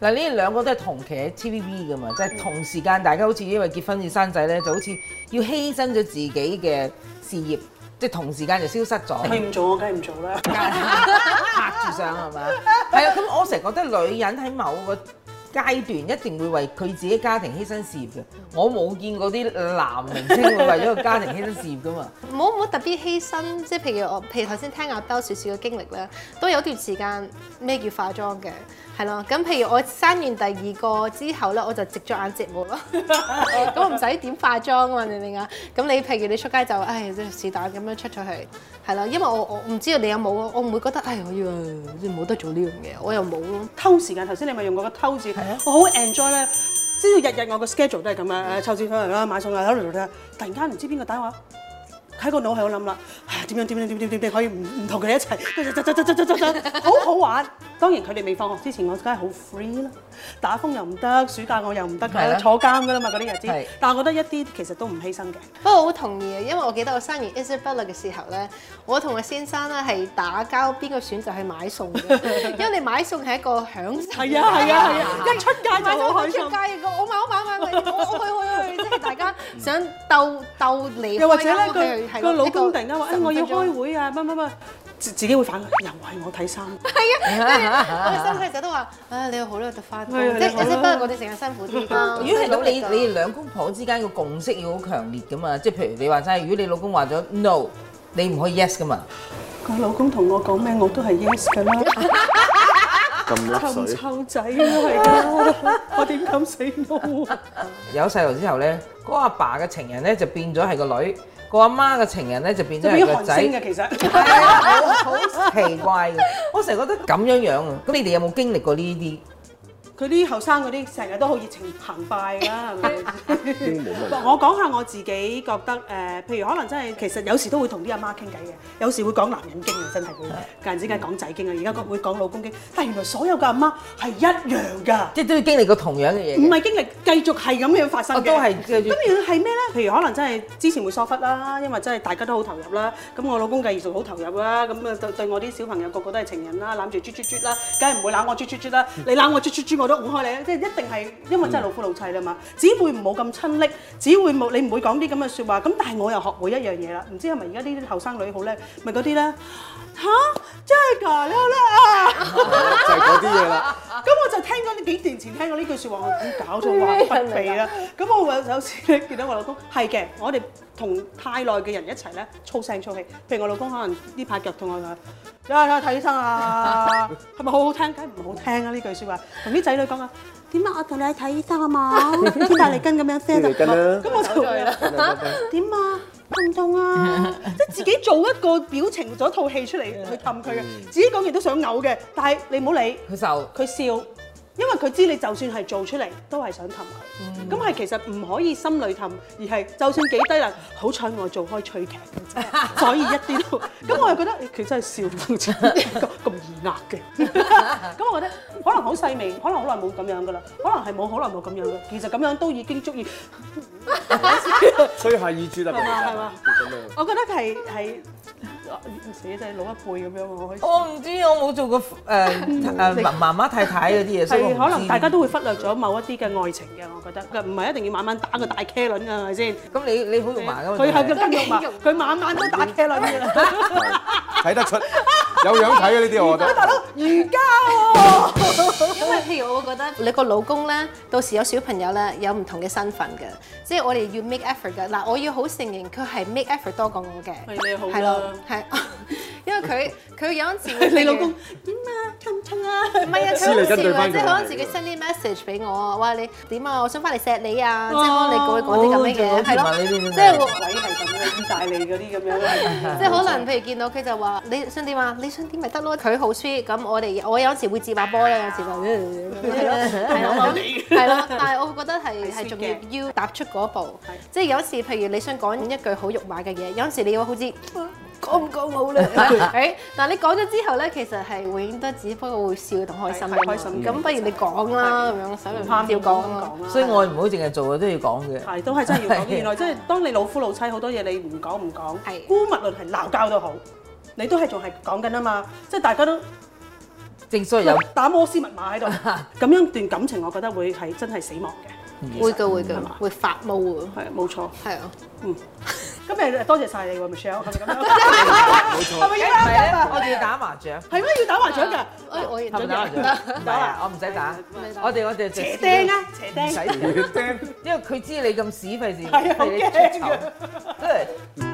嗱，呢兩個都係同期喺 TVB 㗎嘛，嗯、即係同時間，大家好似因為結婚要生仔咧，就好似要犧牲咗自己嘅事業，即係同時間就消失咗。唔做我梗係唔做啦，拍住上係嘛？係啊，咁 我成日覺得女人喺某個階段一定會為佢自己家庭犧牲事業嘅，我冇見過啲男明星會為咗個家庭犧牲事業噶嘛。唔好，唔好特別犧牲，即係譬如我，譬如頭先聽阿兜少少嘅經歷咧，都有段時間咩叫化妝嘅，係咯。咁譬如我生完第二個之後咧，我就直咗眼睫毛咯，咁唔使點化妝啊嘛，你明唔明啊？咁你譬如你、哎、出街就唉是但咁樣出咗去，係啦。因為我我唔知道你有冇，啊。我唔會覺得唉我要冇得做呢樣嘢，我又冇咯。偷時間，頭先你咪用個偷我好 enjoy 咧，知道日日我個 schedule 都係咁啊，抽錢翻嚟啦，買餸啊，喺度度睇下，突然間唔知邊個打我。睇個腦喺度諗啦，點樣點樣點點點點可以唔唔同佢哋一齊？好 好玩，當然佢哋未放學之前，我梗係好 free 啦。打風又唔得，暑假我又唔得嘅，坐監㗎啦嘛嗰啲日子。的但係我覺得一啲其實都唔犧牲嘅對。不過我好同意啊，因為我記得我生完 Isabella 嘅時候咧，我同我先生咧係打交邊個選擇去買餸，因為你買餸係一個享受。係啊係啊係啊，一、啊啊啊啊啊、出街買餸，我出街一個，我買我買我買我買，我買，我買，我買，我去去去。想鬥鬥你，又或者咧，佢個老公突然間話，誒，我要開會啊，乜乜乜，自自己會反，又係我睇衫。係啊，我哋新婚時候都話，啊，你又好啦，就翻工，即係即係幫我哋成日辛苦啲。如果係咁，你你哋兩公婆之間個共識要好強烈噶嘛？即係譬如你話齋，如果你老公話咗 no，你唔可以 yes 噶嘛？個老公同我講咩我都係 yes 噶啦。咁臭仔都係噶，我點敢死喎啊？ 有細路之後咧，嗰個阿爸嘅情人咧就變咗係個女，嗰個阿媽嘅情人咧就變咗係個仔，其實、嗯、好奇怪嘅。我成日覺得咁樣樣啊，咁你哋有冇經歷過呢啲？佢啲後生嗰啲成日都好熱情澎湃啦，係咪？ 我講下我自己覺得誒、呃，譬如可能真係其實有時都會同啲阿媽傾偈嘅，有時會講男人經啊，真係會，隔陣之間講仔經啊，而家會講老公經，但係原來所有嘅阿媽係一樣㗎，即係都要經歷個同樣嘅嘢。唔係經歷，繼續係咁樣發生都係。咁樣係咩咧？譬如可能真係之前會疏忽啦，因為真係大家都好投入啦。咁我老公繼續好投入啦，咁啊對我啲小朋友個,個個都係情人啦，攬住啜啜啜啦，梗係唔會攬我啜啜啜啦。你攬我啜啜啜唔開你咧，即係一定係，因為真係老夫老妻啦嘛，嗯，只，只會唔冇咁親暱，只會冇你唔會講啲咁嘅説話。咁但係我又學會一樣嘢啦，唔知係咪而家呢啲後生女好叻，咪嗰啲咧吓？真係㗎，好叻就係嗰啲嘢啦。咁我就聽講，幾年前聽過呢句説話，我已經搞咗話不費啦。咁我有有時咧見到我老公，係嘅，我哋同太耐嘅人一齊咧粗聲粗氣。譬如我老公可能呢排腳痛啊，呀呀睇醫生啊，係咪好好聽？梗唔好聽啊！」呢句説話同啲仔女講啊，點啊？我同你去睇醫生啊嘛，牽 大利筋咁樣聲 就，咁不我就點啊？ 嗎咁凍啊！即 自己做一個表情，做一套戲出嚟 去氹佢嘅。自己講完都想嘔嘅，但係你唔好理佢就佢笑。因為佢知你就算係做出嚟，都係想氹佢。咁係其實唔可以心裏氹，而係就算幾低能，好彩我做開催劇，所以一啲都。咁我又覺得，佢真係笑到真係咁易壓嘅。咁我覺得可能好細微，可能好耐冇咁樣㗎喇，可能係冇好耐冇咁樣啦。其實咁樣都已經足以，催下二絕啦，係嘛？我覺得係係。死仔老一輩咁樣喎，我唔知我冇做過誒誒、呃 呃、媽媽太太嗰啲嘢，所以可能大家都會忽略咗某一啲嘅愛情嘅，我覺得唔係一定要晚晚打個大茄輪啊。係咪先？咁你你好肉麻㗎嘛？佢係咁肉麻，佢晚晚都打茄輪㗎。睇 得出。有樣睇啊！呢啲 我覺得，大佬瑜伽喎。咁譬如我覺得你個老公咧，到時有小朋友咧，有唔同嘅身份嘅，即係我哋要 make effort 嘅。嗱，我要好承認，佢係 make effort 多過我嘅，係，你好，係咯，係。 因為佢佢有陣時，你老公點啊？氹唔氹啊？唔係啊，上次即係嗰陣時佢 send 啲 message 俾我啊，話你點啊？我想翻嚟錫你啊！即係可能你講啲咁樣嘢，係咯，即係個位係咁樣意大利嗰啲咁樣係。即係可能譬如見到佢就話你想點啊？你想點咪得咯？佢好 sweet，咁我哋我有陣時會接下波啦，有陣時就係咯，係咯，但係我會覺得係係仲要要踏出嗰一步，即係有陣時譬如你想講一句好肉麻嘅嘢，有陣時你會好似。講唔講好咧？誒，嗱你講咗之後咧，其實係永遠都只不過會笑同開心，開心。咁不如你講啦，咁樣手腳少講啦。所以我唔好淨係做嘅，都要講嘅。係，都係真係要講。原來即係當你老夫老妻，好多嘢你唔講唔講，姑勿論係鬧交都好，你都係仲係講緊啊嘛。即係大家都正所謂有打摩斯密碼喺度，咁樣段感情，我覺得會係真係死亡嘅，會嘅會嘅，會發毛嘅。係啊，冇錯。係啊，嗯。咁咪多謝晒你喎 Michelle，係咪要啊？我哋打麻將，係咩？要打麻將㗎？哎，我要打麻將得唔得，我唔使打。 我哋我哋斜釘啊，斜釘，唔使斜釘，因為佢知你咁屎費事俾你出醜。